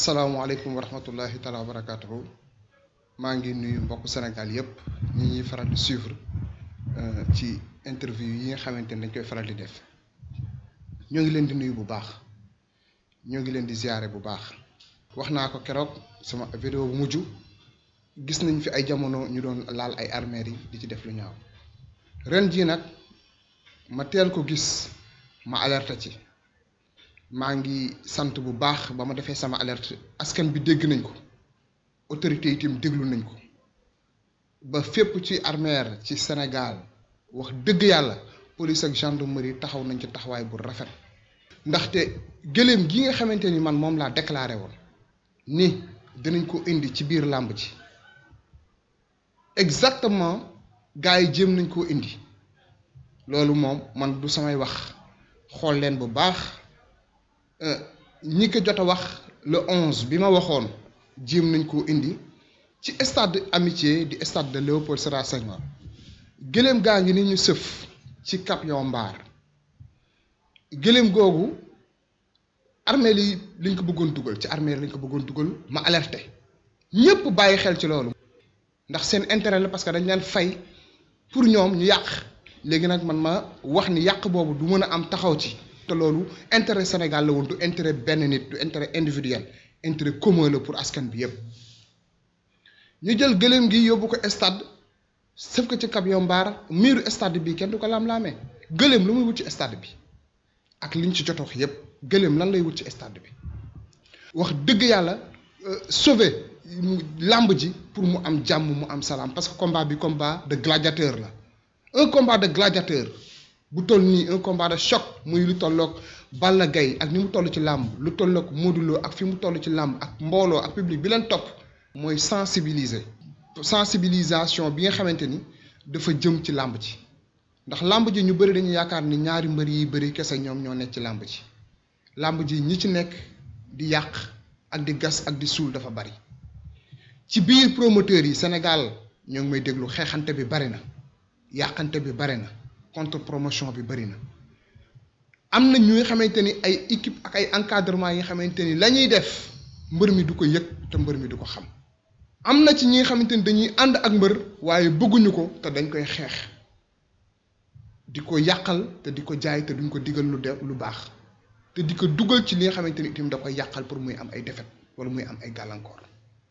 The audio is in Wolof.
السلام عليكم ورحمة الله تعالى وبركاته مانغي نوي مبوك سنغال يب ني فرال دي سيفر تي انترفيو يي خامنتي نانكاي فرال دي ديف نيوغي لين دي نوي بو باخ نيوغي لين دي زياره بو باخ واخناكو كيروك سما فيديو بو موجو غيس نان في اي جامونو ني دون لال اي ارميري دي تي ديف لو نياو رين جي نك ما تيل كو غيس ما الارتا تي maa ngi sant bu baax ba ma defee sama alerte askan bi dégg nañ ko autorité yi itam déglu nañ ko ba fépp ci armeer ci Sénégal wax dëgg yàlla police ak gendarmerie taxaw nañ ci taxawaay bu rafet ndaxte gëléem gi nga xamante ni man moom laa déclaré woon ni dinañ ko indi ci biir làmb ci exactement gars yi jéem nañ koo indi loolu moom man du samay wax xool leen bu baax ñi ko jot a wax le onze bi ma waxoon jéem nañ koo indi ci stade amitié di stade de Léopold Sédar Senghor gëléem gaa ngi ni ñu sëf ci cap mbaar gëléem googu armée li lañ ko bëggoon dugal ci armée lañ ko bëggoon dugal ma alerté ñëpp bàyyi xel ci loolu ndax seen intérêt la parce que dañ leen fay pour ñoom ñu yàq léegi nag man ma wax ni yàq boobu du mën a am taxaw ci te loolu intérêt Sénégal la woon du intérêt benn nit du intérêt individuel intérêt commun la pour askan bi yépp ñu jël gëléem gi yóbbu ko stade sëf ko ci camion mbaar miiru stade bi kenn du ko laam-laamee gëléem lu muy wut ci stade bi ak liñ ci jotoox yépp gëléem lan lay wut ci stade bi wax dëgg yàlla euh, sauver làmb ji pour mu am jàmm mu am salaam parce que combat bi combat de gladiateur la un combat de gladiateur bu toll nii un combat de muy lu tolloog Balla Gaye ak ni mu toll ci làmb lu tolloog Modou ak fi mu toll ci làmb ak mbooloo ak public bi leen topp mooy sensibiliser sensibilisation bi nga xamante ni dafa jëm ci làmb ji ndax làmb ji ñu bëri dañu yaakaar ni ñaari mbër yi bëri kese ñoom ñoo nekk ci làmb ji làmb ji ñi ci nekk di yàq ak di gas ak di suul dafa bari ci biir promoteurs yi Sénégal ñoo ngi may déglu xeexante bi bari na yàqante bi bari na contre promotion bi bëri na am na ñuy xamante ni ay équipe ak ay encadrement yi xamante ni lañuy def mbër mi du ko yëg te mbër mi du ko xam am na ci ñi nga xamante ni dañuy ànd ak mbër waaye bëgguñu ko te dañ koy xeex di ko yàqal te di ko jaay te duñ ko digal lu de lu baax te di ko dugal ci li nga xamante ni itam da koy yàqal pour muy am ay défaite wala muy am ay gàllankoor